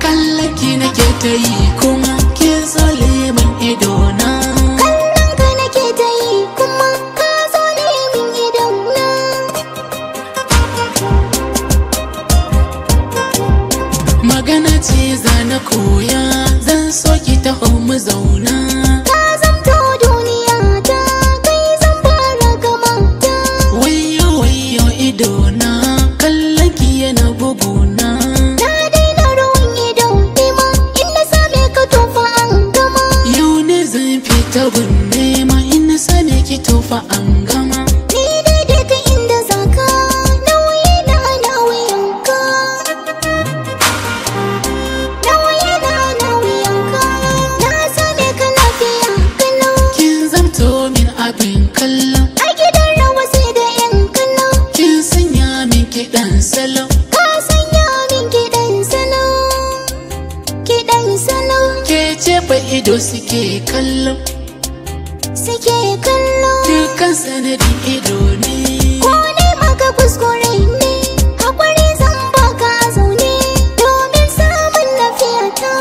Kallaki nake ta yi kuma ke zole min idona Kallon ka nake ta yi kuma ka zole min idona Magana ce za na koya zan so ki taho zauna ta gunne ma ina same ki tofa an gama ni dai da ka inda zaka nauyi na nauyanka nauyi na nauyanka na same ka lafiya kana kin zamto min abin kallo a gidan rawa sai da yan kallo kin sanya min kiɗan salo ka sanya min kiɗan salo kiɗan salo ke ce fa ido suke kallo suke kallo dukkan sanadin ido ne ko ne maka kuskure ne hakuri zan baka zaune domin samun lafiyata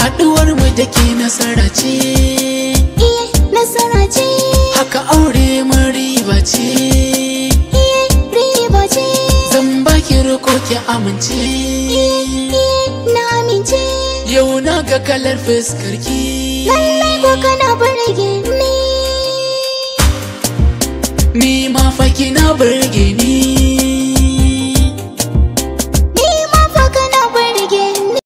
haduwar mu da ke nasara ce eh, nasara ce haka aure mun riba ce Iye eh, riba ce zan baki rukoki ki amince eh, na yau na ga kalar fuskarki lallai ko kana burge ni ni ma fa kina burge ni